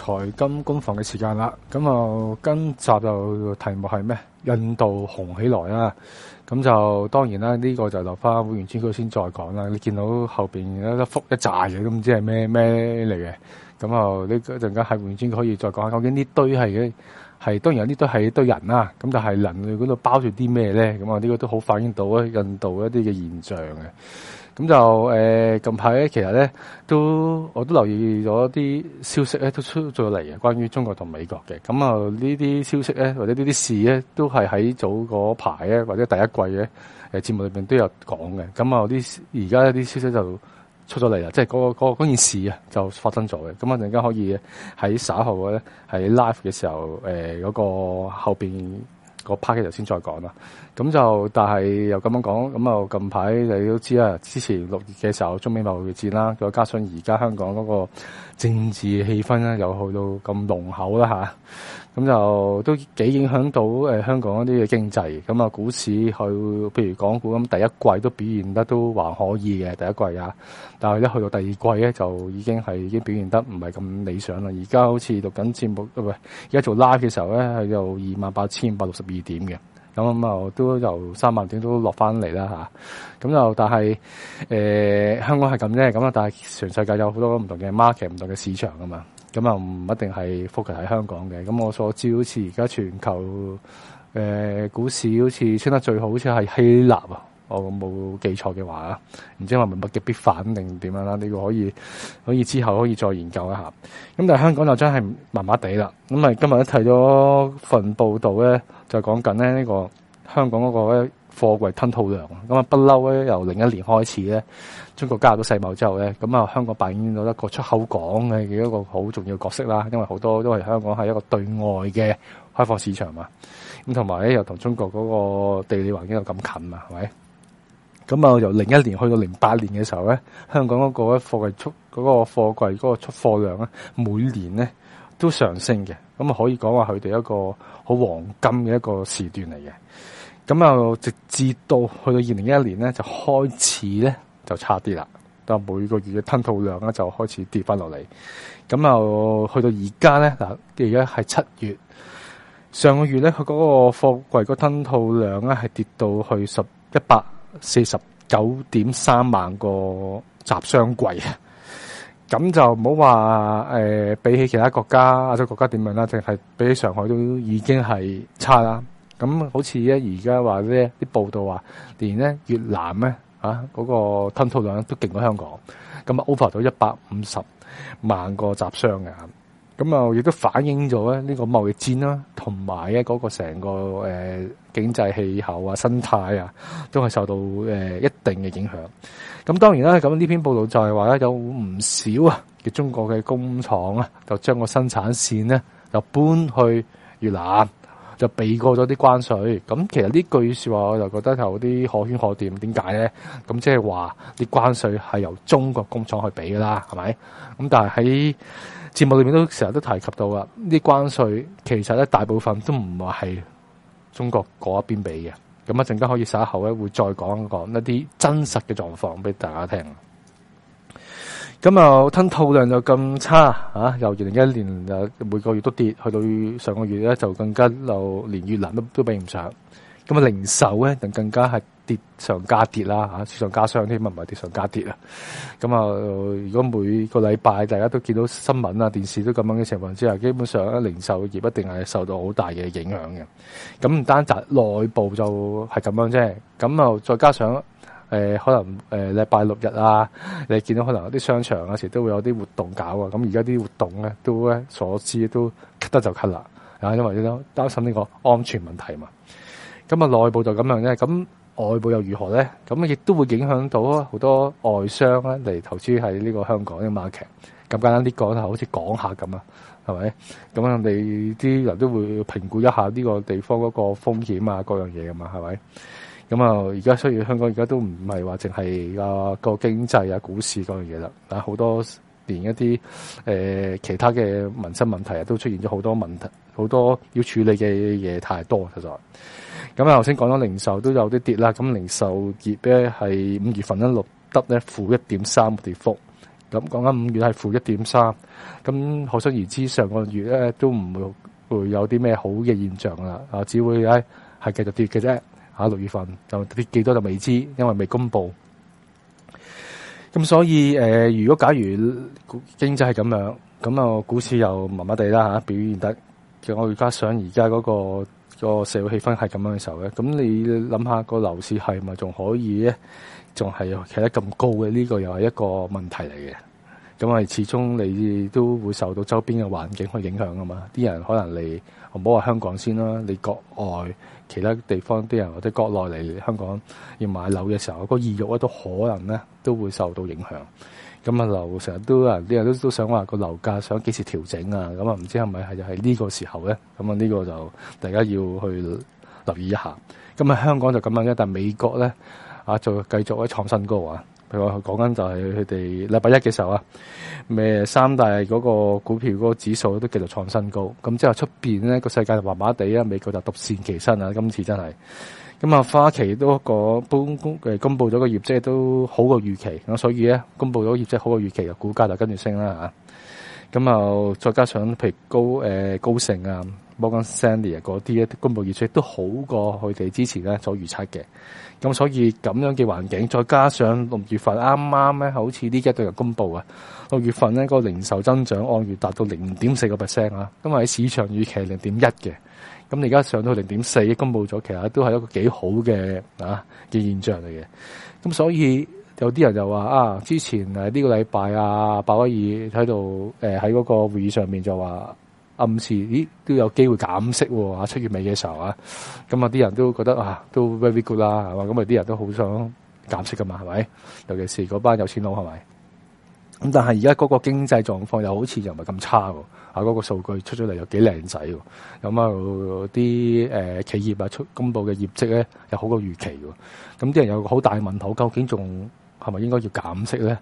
財金工房嘅時間啦，咁啊今集就題目係咩？印度紅起來啊！咁就當然啦，呢、這個就留翻會員專區先再講啦。你見到後邊一幅一扎嘢，都唔知係咩咩嚟嘅，咁啊呢一陣間喺會員專區可以再講下究竟呢堆係嘅係，當然有呢堆係一堆人啦、啊。咁就係人類嗰度包住啲咩咧？咁啊呢個都好反映到啊印度一啲嘅現象嘅。咁就誒近排咧，其實咧都我都留意咗啲消息咧，都出咗嚟嘅，關於中國同美國嘅。咁啊呢啲消息咧，或者呢啲事咧，都係喺早嗰排咧，或者第一季咧誒節目裏面都有講嘅。咁啊啲而家啲消息就出咗嚟啦，即係嗰個嗰、嗰個件事啊，就發生咗嘅。咁啊陣間可以喺十一號咧喺 live 嘅時候嗰、呃嗰個後面，個 party 頭先再講啦，咁就但係又咁樣講，咁啊近排你都知啦，之前六月嘅時候中美貿易戰啦，再加上而家香港嗰個政治氣氛咧，又去到咁濃厚啦嚇。咁就都幾影響到、呃、香港嗰啲嘅經濟，咁啊股市去，譬如港股咁，第一季都表現得都還可以嘅第一季啊，但係一去到第二季咧，就已經係已經表現得唔係咁理想啦。而家好似讀緊節目，喂，而家做 live 嘅時候咧，係有二萬八千五百六十二點嘅，咁咁都由三萬點都落翻嚟啦吓，咁、啊、就但係、呃、香港係咁啫咁啊，但係全世界有好多唔同嘅 market、唔同嘅市場啊嘛。咁又唔一定係 focus 喺香港嘅，咁我所知好似而家全球誒、呃、股市好似升得最好，好似係希臘啊，我冇記錯嘅話啊，唔知係咪物極必反定點樣啦？呢、呢個、可以可以之後可以再研究一下。咁但係香港就真係麻麻地啦。咁咪今日一睇咗份報道咧，就講緊咧呢個香港嗰、嗰個咧。貨櫃吞吐量，咁啊不嬲咧，由零一年開始咧，中國加入到世貿之後咧，咁啊香港扮演到一個出口港嘅一個好重要的角色啦。因為好多都係香港係一個對外嘅開放市場嘛，咁同埋咧又同中國嗰個地理環境又咁近啊，係咪？咁啊由零一年去到零八年嘅時候咧，香港嗰個貨櫃出嗰個貨櫃嗰個出貨量咧，每年咧都上升嘅，咁啊可以講話佢哋一個好黃金嘅一個時段嚟嘅。咁啊，直至到去到二零一一年咧，就開始咧就差啲啦。但係每個月嘅吞吐量咧就開始跌翻落嚟。咁啊，去到而家咧，嗱，而家係七月，上個月咧佢嗰個貨櫃個吞吐量咧係跌到去十一百四十九點三萬個集商櫃櫃啊。咁就唔好話誒，比起其他國家亞洲國家點樣啦，淨係比起上海都已經係差啦。咁好似咧，而家話咧啲報道話，連咧越南咧嗰、嗰個吞吐量都勁過香港，咁啊 over 到一百五十萬個集商嘅，咁啊亦都反映咗咧呢個貿易戰啦，同埋咧嗰個成個誒經濟氣候啊、生態啊，都係受到、呃、一定嘅影響。咁當然啦，咁呢篇報道就係話咧有唔少啊嘅中國嘅工廠啊，就將個生產線咧就搬去越南，就避過咗啲關稅，咁其實呢句說話我就覺得有啲可圈可點，點解咧？咁即係話啲關稅係由中國工廠去俾噶啦，係咪？咁但係喺節目裏面都成日都提及到啦，啲關稅其實咧大部分都唔話係中國嗰一邊俾嘅，咁一陣間可以稍後咧會再講一講一啲真實嘅狀況俾大家聽。咁啊，吞吐量就咁差嚇、啊，由二零一一年啊每個月都跌，去到上個月咧就更加就、啊、連越南都都比唔上。咁啊，零售咧就更加係跌上加跌啦吓、啊，跌上加傷添，唔係跌上加跌啦。咁啊，如果每個禮拜大家都見到新聞啊、電視都咁樣嘅情況之下，基本上啊，零售業一定係受到好大嘅影響嘅。咁唔單止內部就係咁樣啫，咁啊，再加上。誒、呃，可能誒，禮、呃、拜六日啊，你見到可能有啲商場有時都會有啲活動搞啊。咁而家啲活動咧，都咧所知都咳得就咳啦。啊，因為都擔心呢個安全問題嘛。咁啊，內部就咁樣咧，咁外部又如何咧？咁亦都會影響到好多外商咧嚟投資喺呢個香港嘅馬企。咁簡單啲講，係、這個、好似講下咁啊，係咪？咁啊，你啲人都會評估一下呢個地方嗰個風險啊，各樣嘢噶嘛，係咪？咁啊，而家雖然香港而家都唔係話淨係啊個經濟啊、股市嗰樣嘢啦，啊好多連一啲誒、呃、其他嘅民生問題啊，都出現咗好多問題，好多要處理嘅嘢太多，實在。咁啊，頭先講咗零售都有啲跌啦，咁零售業咧係五月份咧錄得咧負一點三跌幅。咁講緊五月係負一點三，咁可想而知上個月咧都唔會會有啲咩好嘅現象啦，啊，只會咧係繼續跌嘅啫。啊，六月份就跌幾多就未知，因為未公布。咁所以誒、呃，如果假如經濟係咁樣，咁啊，股市又麻麻地啦吓，表現得。其實我而家想而家嗰個個社會氣氛係咁樣嘅時候咧，咁你諗下個樓市係咪仲可以咧，仲係企得咁高嘅？呢個又係一個問題嚟嘅。咁啊，始終你都會受到周邊嘅環境去影響啊嘛。啲人可能嚟，唔好話香港先啦，你國外。其他地方啲人或者國內嚟香港要買樓嘅時候，個意欲咧都可能咧都會受到影響。咁啊，樓成日都啊，人啲人都都想話個樓價想幾時調整啊？咁啊，唔知係咪係就係呢個時候咧？咁啊，呢個就大家要去留意一下。咁啊，香港就咁樣嘅，但美國咧啊，就繼續喺創新高啊！譬如講緊就係佢哋禮拜一嘅時候啊，咩三大嗰個股票嗰個指數都繼續創新高，咁之後出邊咧個世界就麻麻地啊，美國就獨善其身啊，今次真係，咁啊花旗都個公誒公布咗個業績都好過預期，咁所以咧公布咗業績好過預期啊，股價就跟住升啦吓，咁啊再加上譬如高誒、呃、高盛啊。摩根士丹利啊，嗰啲公佈預出都好過佢哋之前咧所預測嘅，咁所以咁樣嘅環境，再加上六月份啱啱咧，好似呢一對人公佈啊，六月份咧個零售增長按月達到零點四個 percent 啊，因為喺市場預期零點一嘅，咁你而家上到零點四，公佈咗，其實都係一個幾好嘅啊嘅現象嚟嘅，咁所以有啲人就話啊，之前誒呢個禮拜啊，鮑威爾喺度誒喺嗰個會議上面就話。暗示咦都有機會減息喎、哦，啊七月尾嘅時候啊，咁啊啲人都覺得啊都 very good 啦，係嘛？咁啊啲人都好想減息㗎嘛，係咪？尤其是嗰班有錢佬係咪？咁但係而家嗰個經濟狀況又好似又唔係咁差喎，啊、那、嗰個數據出咗嚟又幾靚仔喎，咁啊啲誒企業啊出公布嘅業績咧又好過預期喎，咁啲人有個好大問號，究竟仲？係咪應該要減息咧？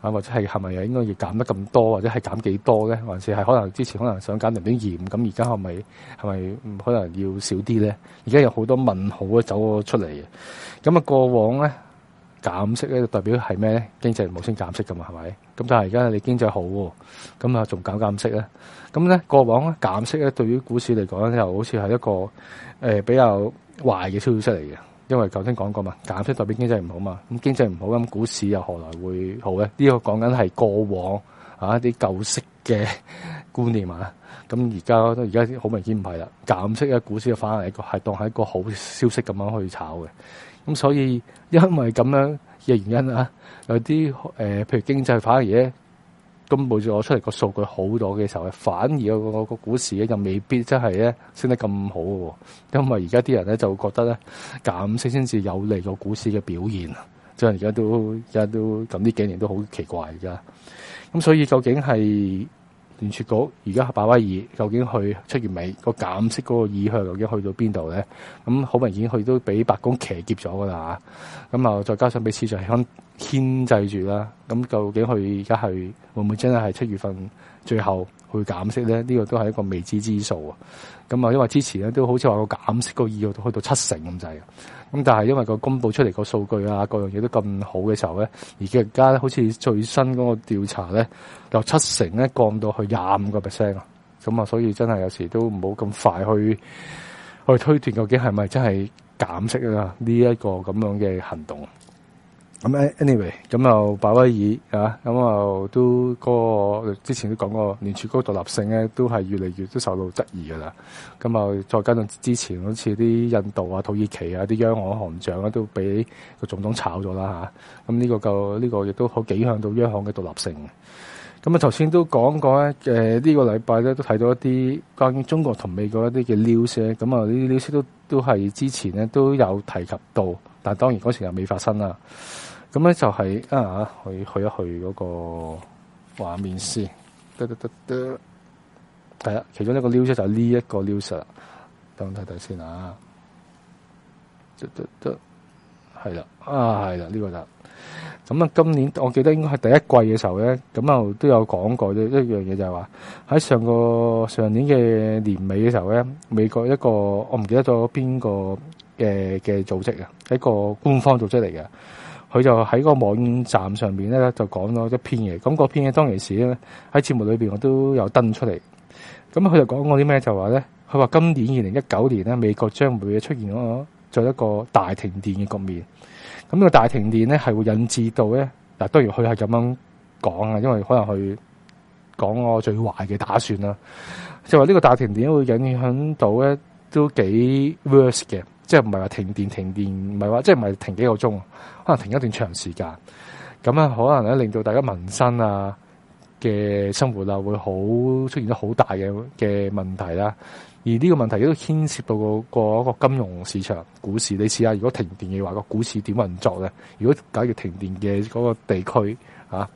啊，或者係係咪又應該要減得咁多，或者係減幾多咧？還是係可能之前可能想減定啲嚴，咁而家係咪係咪可能要少啲咧？而家有好多問號啊，走咗出嚟嘅。咁啊，過往咧減息咧，就代表係咩咧？經濟無先減息㗎嘛，係咪？咁但係而家你經濟好喎，咁啊仲減減息咧？咁咧過往咧減息咧，對於股市嚟講咧，又好似係一個誒、呃、比較壞嘅消息出嚟嘅。因為頭先講過嘛，減息代表經濟唔好嘛，咁經濟唔好咁股市又何來會好咧？呢、這個講緊係過往啊一啲舊式嘅觀念啊，咁而家都而家好明顯唔係啦，減息嘅股市又反而係當係一個好消息咁樣去炒嘅，咁、啊、所以因為咁樣嘅原因啊，有啲誒、呃、譬如經濟反而。咁冇咗出嚟個數據好咗嘅時候，反而個個股市咧就未必真係咧升得咁好嘅喎，因為而家啲人咧就會覺得咧減息先至有利個股市嘅表現啊！即係而家都而家都咁，呢幾年都好奇怪而家，咁所以究竟係？聯儲局而家鮑威爾究竟去七月尾個減息嗰個意向究竟去到邊度咧？咁好明顯佢都俾白宮騎劫咗噶啦嚇，咁啊再加上俾市場牽制住啦，咁究竟佢而家係會唔會真係係七月份最後去減息咧？呢個都係一個未知之數啊！咁啊，因為之前咧都好似話個減息個意向都去到七成咁滯。咁但係因為個公布出嚟個數據啊，各樣嘢都咁好嘅時候咧，而家好似最新嗰個調查咧，由七成咧降到去廿五個 percent 啊。咁啊，所以真係有時都唔好咁快去去推斷究竟係咪真係減息啊？呢一個咁樣嘅行動。咁 anyway，咁又鮑威爾嚇，咁又都嗰個之前都講過，聯儲局獨立性咧都係越嚟越都受到質疑噶啦。咁又再加上之前好似啲印度啊、土耳其啊啲央行行長咧都俾個總統炒咗啦嚇。咁、這、呢個個呢個亦都好影響到央行嘅獨立性。咁啊頭先都講過咧，誒、這、呢個禮拜咧都睇到一啲關於中國同美國一啲嘅 news 咁啊呢啲 news 都都係之前咧都有提及到，但係當然嗰時又未發生啦。咁咧就係、是、啊，去去一去嗰個畫面先，得得得得，係、嗯、啦、嗯。其中一個 news 就係呢一個 news 啦、這個。等我睇睇先啊，得得得，係啦，啊，係啦，呢、這個就咁、是、啊。今年我記得應該係第一季嘅時候咧，咁啊都有講過一一樣嘢，就係話喺上個上年嘅年尾嘅時候咧，美國一個我唔記得咗邊個嘅嘅、呃、組織啊，一個官方組織嚟嘅。佢就喺個網站上面咧就講咗一篇嘢，咁嗰篇嘢當其時咧喺節目裏邊我都有登出嚟，咁佢就講過啲咩就話咧，佢話今年二零一九年咧美國將會出現咗做一個大停電嘅局面，咁呢個大停電咧係會引致到咧，嗱當然佢係咁樣講啊，因為可能佢講我最壞嘅打算啦，就話呢個大停電會影響到咧都幾 worse 嘅。即係唔係話停電停電，唔係話即係唔係停幾個鐘，可能停一段長時間。咁啊，可能咧令到大家民生啊嘅生活啊會好出現咗好大嘅嘅問題啦。而呢個問題亦都牽涉到個個、個、個金融市場、股市。你試下如果停電嘅話，個股市點運作咧？如果假如停電嘅嗰個地區咁啊，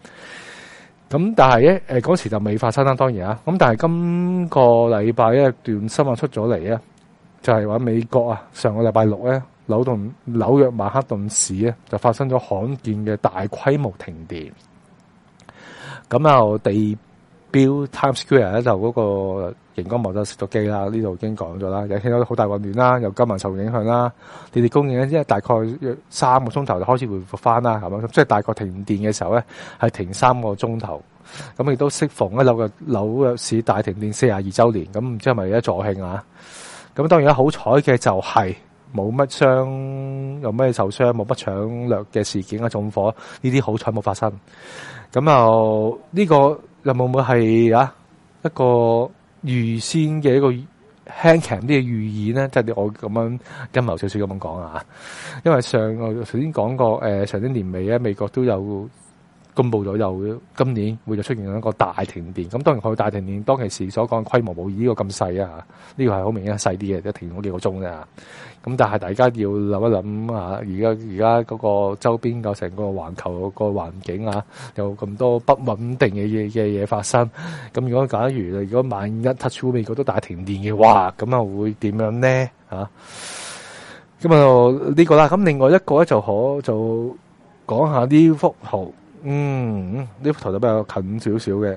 但係咧誒嗰時就未發生啦，當然啊。咁但係今個禮拜一段新聞出咗嚟。啊就係話美國啊，上個禮拜六咧，紐頓紐約曼克頓市咧就發生咗罕見嘅大規模停電。咁啊，地標 Times Square 咧就嗰個熒光幕就熄咗機啦。呢度已經講咗啦，引起咗好大混亂啦，又居民受影響啦，電力供應咧，即係大概約三個鐘頭就開始回復翻啦，咁即係大概停電嘅時候咧，係停三個鐘頭。咁亦都適逢一紐約紐約市大停電四十二週年，咁唔知係咪而家助慶啊？咁當然啦，好彩嘅就係冇乜傷，又咩受傷，冇乜搶掠嘅事件啊，縱火呢啲好彩冇發生。咁啊，呢、呃、呢個有冇唔會係啊一個預先嘅一個輕強啲嘅預演咧？即係我咁樣陰謀少少咁講啊，因為上我頭先講過誒、呃，上年年尾咧，美國都有。公布咗又今年會就出現一個大停電。咁當然佢大停電當其時所講嘅規模冇呢個咁細啊，呢個係好明顯細啲嘅，一停咗幾個鐘啫。咁但係大家要諗一諗啊，而家而家嗰個周邊又成個環球個環境啊，有咁多不穩定嘅嘢嘅嘢發生。咁如果假如如果萬一 touch up 美國都大停電嘅話，哇！咁啊會點樣咧嚇？咁啊呢個啦。咁另外一個咧就可就講下啲符號。嗯，呢幅圖就比較近少少嘅。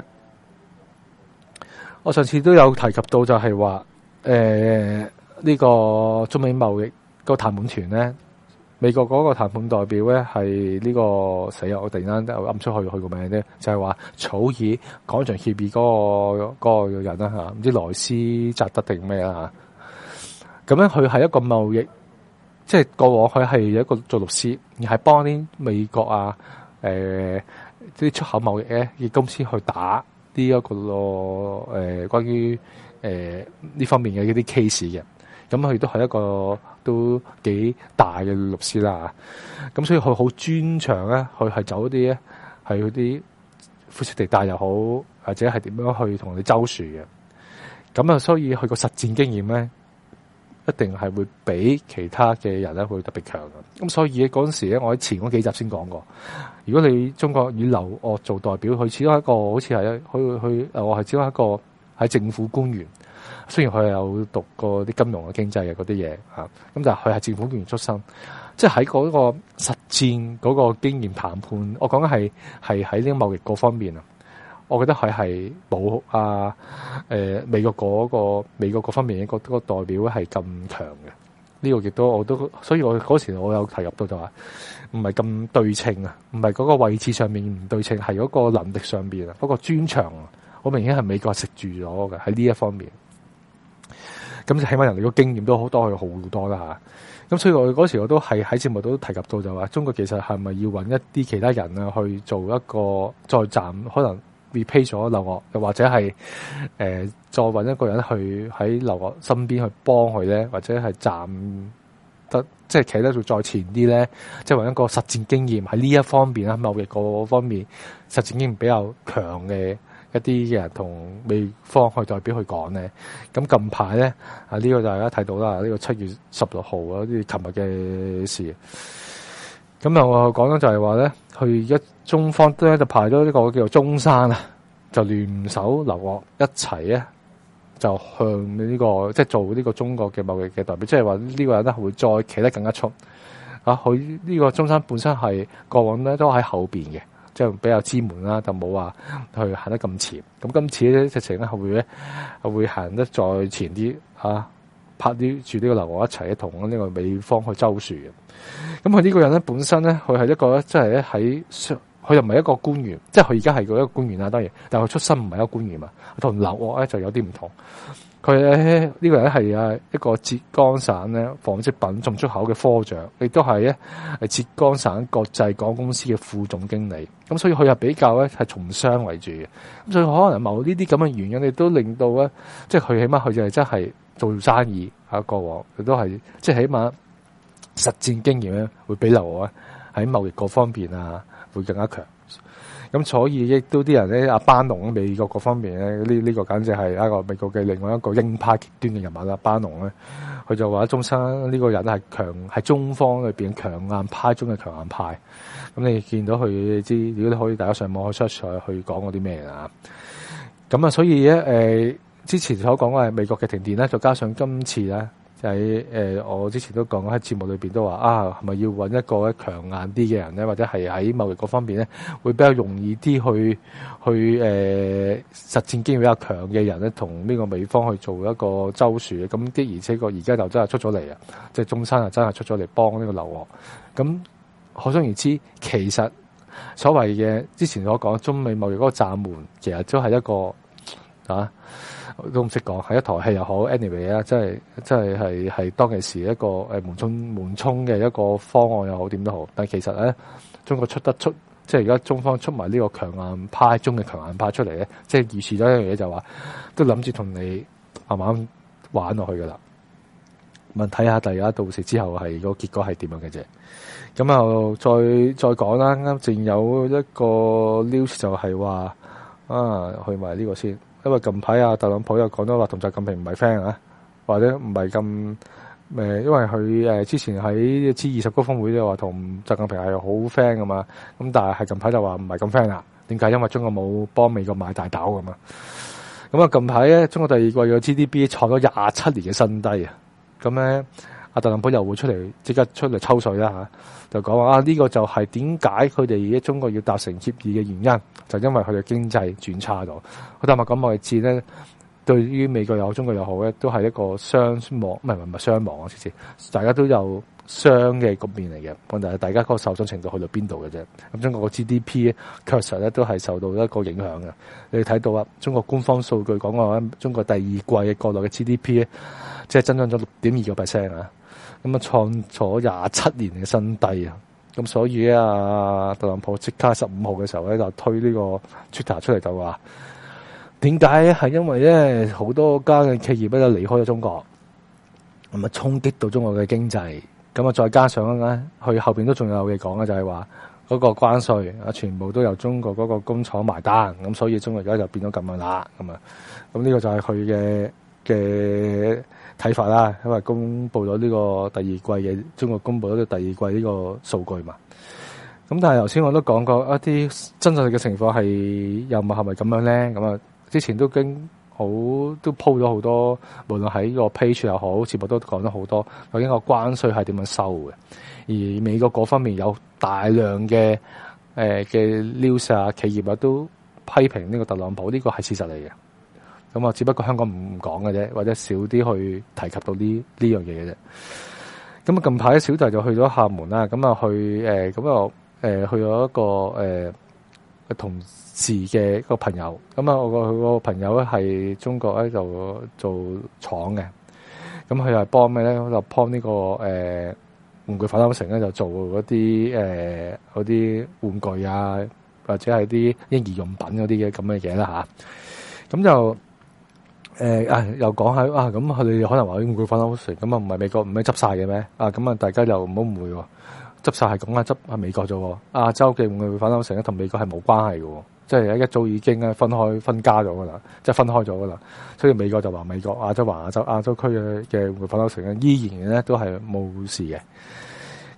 我上次都有提及到就是說，就係話，誒，呢個中美貿易個談判團咧，美國嗰個談判代表咧係呢是、這個死咗，我突然間又暗出去佢、嗰個名咧、那個啊啊，就係話草擬廣場協議嗰個個人啦吓，唔知萊斯扎德定咩啦吓。咁樣佢係一個貿易，即係過往佢係一個做律師，而係幫啲美國啊。誒，啲、呃、出口貿易咧嘅公司去打呢、這、一個咯，誒、呃，關於誒呢、呃、方面嘅一啲 case 嘅，咁佢都係一個都幾大嘅律師啦，咁、嗯、所以佢好專長咧，佢係走啲咧係嗰啲灰色地帶又好，或者係點樣去同你周旋嘅。咁、嗯、啊，所以佢個實戰經驗咧。一定係會比其他嘅人咧會特別強嘅。咁所以嗰陣時咧，我喺前嗰幾集先講過。如果你中國以劉鶴做代表，佢始終係一個好似係佢佢我係只係一個喺政府官員，雖然佢有讀過啲金融嘅經濟嗰啲嘢吓，咁就佢係政府官員出身，即係喺嗰個實戰嗰個經驗談判，我講緊係喺呢個貿易各方面啊。我覺得佢係冇啊，誒、呃，美國嗰，那個美國嗰方面嘅個個代表係咁強嘅，呢，這個亦都我都，所以我嗰時我有提及到就話，唔係咁對稱啊，唔係嗰個位置上面唔對稱，係嗰個能力上邊啊，嗰個專長啊，我明顯係係美國食住咗嘅喺呢一方面，咁就起碼人哋個經驗都好多佢好多啦吓，咁、啊、所以我嗰時我都係喺節目都提及到就話，中國其實係咪要搵一啲其他人啊去做一個再站，可能？repay 咗劉鶴，又或者係誒、呃、再揾一個人去喺劉鶴身邊去幫佢咧，或者係站得即係企得仲再前啲咧，即係揾一個實戰經驗喺呢一方面啊，貿易嗰方面實戰經驗比較強嘅一啲嘅人同美方去代表去講咧。咁近排咧啊，呢、呢個就大家睇到啦，呢、呢個七月十六號啊，啲琴日嘅事。咁又講咧就係話咧，去一中方咧就排咗呢個叫做中山啊，就聯手留學一齊咧，就向呢、這個即係做呢個中國嘅貿易嘅代表，即係話呢個人咧會再企得更加出啊！佢呢個中山本身係過往咧都喺後面嘅，即係比較之門啦，就冇話去行得咁前。咁今次呢隻程咧會咧會行得再前啲拍住呢個劉鶴一齊同呢個美方去周旋嘅。咁佢呢個人咧，本身咧，佢係一個即係喺，佢又唔係一個官員，即係佢而家係一個官員啊，當然，但係佢出身唔係一個官員啊，同劉鶴咧就有啲唔同。佢咧呢個人係啊一個浙江省咧紡織品進出口嘅科長，亦都係咧係浙江省國際港公司嘅副總經理。咁所以佢係比較咧係從商為主嘅。咁所以可能某呢啲咁嘅原因，亦都令到咧，即係佢起碼佢就係真係。做生意一個王，佢都係即係起碼實戰經驗咧，會比劉鶴喺貿易各方面啊會更加強。咁所以亦都啲人咧，阿班農美國各方面咧，呢、這、呢個簡直係一個美國嘅另外一個鷹派極端嘅人物啦。班農咧，佢就話鍾山呢個人係強，係中方裏邊強硬派中嘅強硬派。咁你見到佢知，如果你可以，大家上網去 search 去講嗰啲咩啊？咁、呃、啊，所以咧，誒。之前所講嘅係美國嘅停電咧，再加上今次咧喺誒，我之前節都講喺節目裏邊都話啊，係咪要揾一個強硬啲嘅人咧，或者係喺貿易嗰方面咧，會比較容易啲去去誒、呃、實戰經驗比較強嘅人咧，同呢個美方去做一個周旋，咁的而且確而家就真係出咗嚟啊！即、就、係、是、中山啊，真係出咗嚟幫呢個劉鶴。咁可想而知，其實所謂嘅之前所講中美貿易嗰個閘門，其實都係一個。啊，都唔識講，係一台戲又好，anyway 啦，即係即係係係當其時一個誒緩衝緩衝，嘅一個方案又好，點都好，但係其實咧，中國出得出，即係而家中方出埋呢個強硬派中嘅強硬派出嚟咧，即係預示咗一樣嘢就話，都諗住同你慢慢玩落去噶啦。問，睇下大家到時之後係、個，結果係點樣嘅啫。咁又再再講啦，啱正有一個 news 就係話啊，去埋呢個先。因為近排啊，特朗普又講咗話同習近平唔係 friend 啊，或者唔係咁，因為佢之前喺 G 二十高峰會又話同習近平係好 friend 㗎嘛，咁但係近排就話唔係咁 friend 啊，點解？因為中國冇幫美國買大豆㗎嘛，咁啊近排咧，中國第二季嘅 GDP 創咗廿七年嘅新低啊，咁咧。特朗普又會出嚟，即刻出嚟抽水啦嚇、啊！就講話啊，呢、呢個就係點解佢哋中國要達成協議嘅原因，就係、因為佢哋經濟轉差咗。佢但係話，咁個戰咧，對於美國又好、中國又好咧，都係一個傷亡，唔係唔係傷亡啊！即大家都有傷嘅局面嚟嘅。問題係，係大家嗰個受傷程度去到邊度嘅啫。咁、啊、中國嘅 GDP 確實咧都係受到一個影響嘅。你睇到啊，中國官方數據講話，中國第二季嘅國內嘅 GDP 咧，即係增長咗六點二個 percent 啊！咁啊，創咗廿七年嘅新低啊！咁所以啊，特朗普即刻十五號嘅時候咧，就推呢個 Twitter 出嚟，就話點解？係因為咧，好多家嘅企業咧離開咗中國，咁啊，衝擊到中國嘅經濟。咁啊，再加上咧，佢後邊都仲有嘢講嘅，就係話嗰個關稅啊，全部都由中國嗰個工廠埋單。咁所以中國而家就變咗咁樣啦。咁啊，咁呢個就係佢嘅嘅睇法啦，因為公布咗呢個第二季嘅中國公布咗第二季呢個數據嘛。咁但係頭先我都講過一啲、啊、真實嘅情況係又唔係咪咁樣咧？咁、嗯、啊，之前都經好都鋪咗好多，無論喺呢個 page 又好，全部都講咗好多。究竟個關稅係點樣收嘅？而美國嗰方面有大量嘅誒嘅 news 啊，企業啊都批評呢個特朗普，呢、呢個係事實嚟嘅。咁啊，我只不過香港唔講嘅啫，或者少啲去提及到呢呢樣嘢嘅啫。咁啊，近排小弟就去咗廈門啦。咁啊、呃呃，去咁啊，去咗一個、呃、同事嘅一個朋友。咁啊，我個佢個朋友咧，係中國咧、這個呃，就做廠嘅。咁佢又幫咩咧？就幫呢個誒玩具反斗城咧，就做嗰啲誒嗰啲玩具啊，或者係啲嬰兒用品嗰啲嘅咁嘅嘢啦吓，咁就。誒、呃，又講下哇！咁佢哋可能話啲匯率反抽成咁啊，唔係美國唔係執曬嘅咩？啊，咁啊，大家又唔好誤會喎，執曬係講下執係美國啫。亞洲嘅匯率反抽成咧，同美國係冇關係嘅，即係一早已經咧分開分家咗噶啦，即係分開咗噶啦。所以美國就話美國，亞洲話亞洲，亞洲區嘅會匯率反抽成咧，依然呢都係冇事嘅。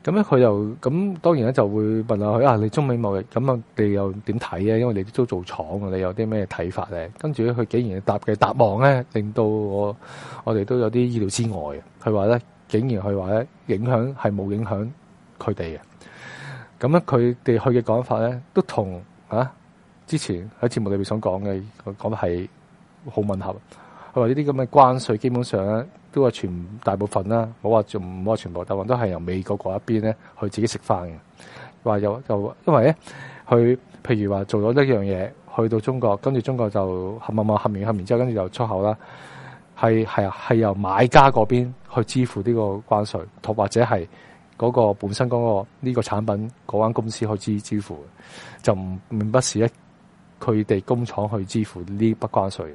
咁咧，佢又咁當然咧，就會問下佢啊。你中美貿易咁啊，你又點睇咧？因為你都做廠，你有啲咩睇法咧？跟住咧，佢竟然答嘅答案咧，令到我我哋都有啲意料之外嘅。佢話咧，竟然佢話咧，影響係冇影響佢哋嘅。咁咧，佢哋去嘅講法咧，都同啊之前喺節目裏面想講嘅講法係好吻合。佢話：呢啲咁嘅關稅基本上咧，都係全大部分啦，冇話仲冇話全部，但係都係由美國嗰一邊咧去自己食翻嘅。話又就因為咧，佢譬如話做咗一樣嘢，去到中國，跟住中國就冚冚冚冚完冚完之後，跟住就出口啦。係係係由買家嗰邊去支付呢個關稅，或或者係嗰個本身嗰個呢個產品嗰間公司去支支付嘅，就唔並唔係一佢哋工廠去支付呢筆關稅。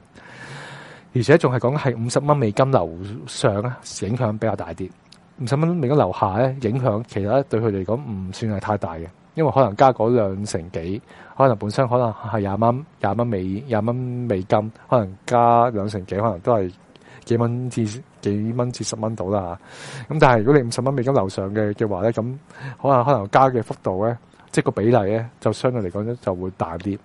而且仲係講係五十蚊美金樓上影響比較大啲。五十蚊美金樓下咧，影響其實咧對佢嚟講唔算係太大嘅，因為可能加嗰兩成幾，可能本身可能係廿蚊，廿蚊美，廿蚊美金，可能加兩成幾，可能都係幾蚊至幾蚊至十蚊到啦嚇。咁但係如果你五十蚊美金樓上嘅嘅話咧，咁可能可能加嘅幅度咧，即係個比例咧，就相對嚟講咧就會大啲。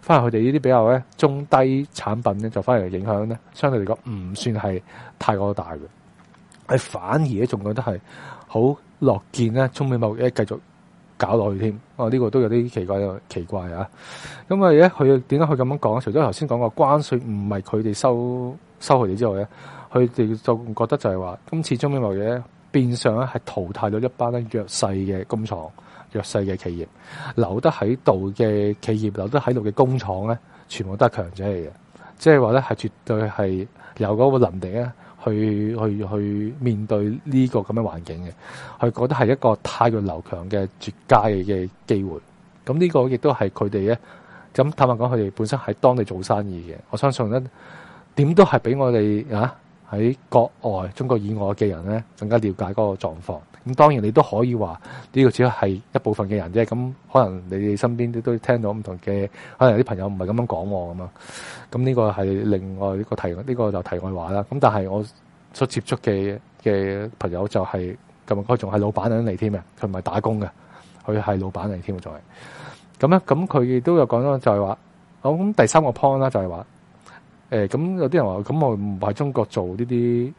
反而佢哋呢啲比較咧中低產品咧，就反而影響咧，相對嚟講唔算係太過大嘅，係反而咧仲覺得係好樂見咧中美貿易繼續搞落去添。哦，呢個都有啲奇怪，奇怪啊！咁啊，而佢點解佢咁樣講？除咗頭先講過關稅唔係佢哋收收佢哋之外咧，佢哋就覺得就係話今次中美貿易咧變相咧係淘汰咗一班咧弱勢嘅工廠。弱勢嘅企業，留得喺度嘅企業，留得喺度嘅工廠咧，全部都係強者嚟嘅，即係話咧係絕對係有嗰個能力咧去去去面對呢個咁嘅環境嘅，佢覺得係一個汰弱留強嘅絕佳嘅機會。咁呢個亦都係佢哋咧，咁坦白講，佢哋本身喺當地做生意嘅，我相信咧點都係俾我哋啊。喺國外、中國以外嘅人咧，更加了解嗰個狀況。咁當然你都可以話呢個只係一部分嘅人啫。咁可能你哋身邊都都聽到唔同嘅，可能有啲朋友唔係咁樣講我咁嘛。咁呢個係另外一個題，呢個就題外話啦。咁但係我所接觸嘅嘅朋友就係今日嗰個仲係老闆嚟添啊，佢唔係打工嘅，佢係老闆嚟添啊，仲係。咁咧，咁佢亦都有講咗，就係話好咁第三個 point 啦，就係話。誒咁、欸、有啲人話咁我唔喺中國做呢啲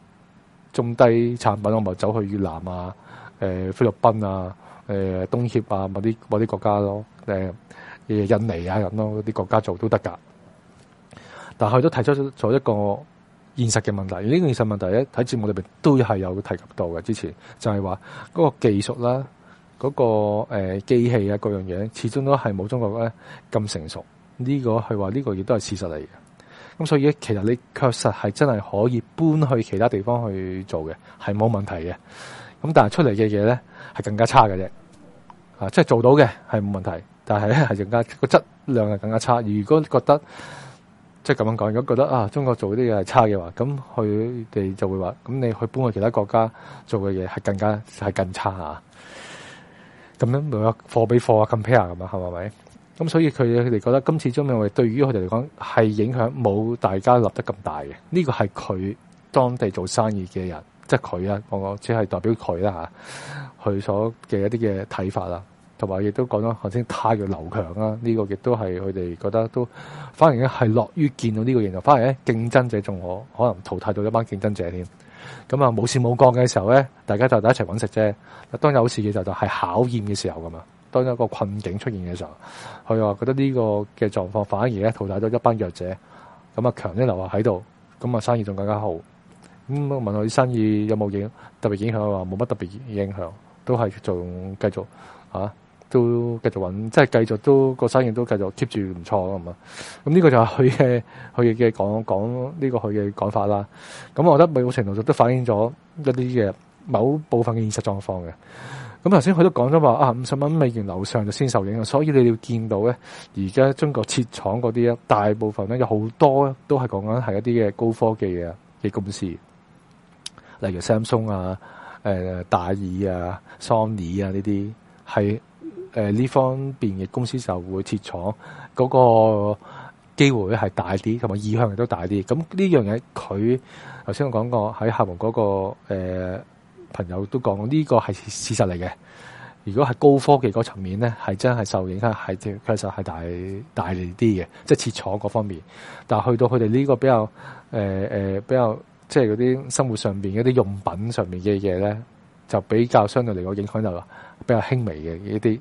中低產品，我咪走去越南啊、欸、菲律賓啊、欸、東協啊，某啲某啲國家咯，欸、印尼啊咁咯，啲國家做都得㗎。但係佢都提出咗一個現實嘅問題，而呢個現實問題咧喺節目裏面都係有提及到嘅。之前就係話嗰個技術啦，嗰、嗰個、欸、機器啊，各樣嘢始終都係冇中國咧咁成熟。呢、呢個係話呢個亦都係事實嚟嘅。咁所以，其實你確實係真係可以搬去其他地方去做嘅，係冇問題嘅。咁但係出嚟嘅嘢咧，係更加差嘅啫。啊，即係做到嘅係冇問題，但係咧係更加個質量係更加差。如果覺得即係咁樣講，如果覺得啊中國做啲嘢係差嘅話，咁佢哋就會話：咁你去搬去其他國家做嘅嘢係更加係更差啊！咁樣冇話貨比貨啊，compare 咁啊，係咪？咪咁所以佢哋覺得今次中美為對於佢哋嚟講係影響冇大家立得咁大嘅，呢個係佢當地做生意嘅人，即係佢啊，我我只係代表佢啦嚇，佢所嘅一啲嘅睇法啦，同埋亦都講咗，頭先太嘅劉強啊，呢個亦都係佢哋覺得都，反而咧係樂於見到呢個現象，反而咧競爭者仲可可能淘汰到一班競爭者添。咁啊冇事冇幹嘅時候咧，大家就喺一齊揾食啫，當有事嘅時候，就係考驗嘅時候噶嘛。當一個困境出現嘅時候，佢話覺得呢個嘅狀況反而咧淘汰咗一班弱者，咁啊強啲留下喺度，咁啊生意仲更加好。咁問佢生意有冇影特別影響，話冇乜特別影響，都係仲繼續啊，都繼續揾，即係繼續都，嗰個生意都繼續 keep 住唔錯咁嘛。咁呢個就係佢嘅佢嘅講講呢個佢嘅講法啦。咁我覺得某程度上都反映咗一啲嘅某部分嘅現實狀況嘅。咁頭先佢都講咗話啊，五十蚊美元樓上就先受影響，所以你要見到咧，而家中國設廠嗰啲咧，大部分咧有好多都係講緊係一啲嘅高科技啊嘅公司，例如 Samsung 啊、呃、大戴爾啊、Sony 啊呢啲，係呢、呃、方面嘅公司就會設廠，嗰、那個機會係大啲，同埋意向亦都大啲。咁呢樣嘢佢頭先我講過喺下邊嗰個、呃朋友都講，呢、這個係事實嚟嘅。如果係高科技嗰層面咧，係真係受影響係確實係大大啲嘅，即係切廠嗰方面。但係去到佢哋呢個比較誒誒、呃、比較即係嗰啲生活上邊嗰啲用品上面嘅嘢咧，就比較相對嚟講影響就比較輕微嘅呢啲。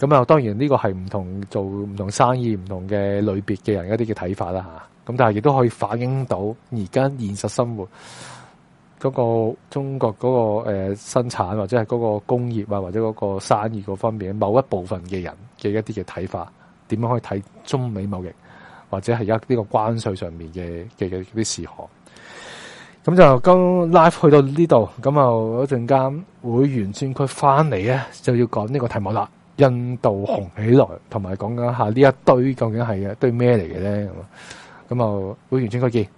咁啊，當然呢個係唔同做唔同生意、唔同嘅類別嘅人一啲嘅睇法啦嚇。咁、啊、但係亦都可以反映到而家現實生活。嗰個中國嗰、嗰個誒、呃、生產或者係嗰個工業啊或者嗰個生意嗰方面某一部分嘅人嘅一啲嘅睇法，點樣可以睇中美貿易或者係而家呢個關稅上面嘅嘅嘅啲事項？咁就今 live 去到呢度，咁啊一陣間會員專區翻嚟啊，就要講呢個題目啦。印度紅起來，同埋講緊下呢一堆究竟係一堆咩嚟嘅咧？咁啊，咁啊會員專區見。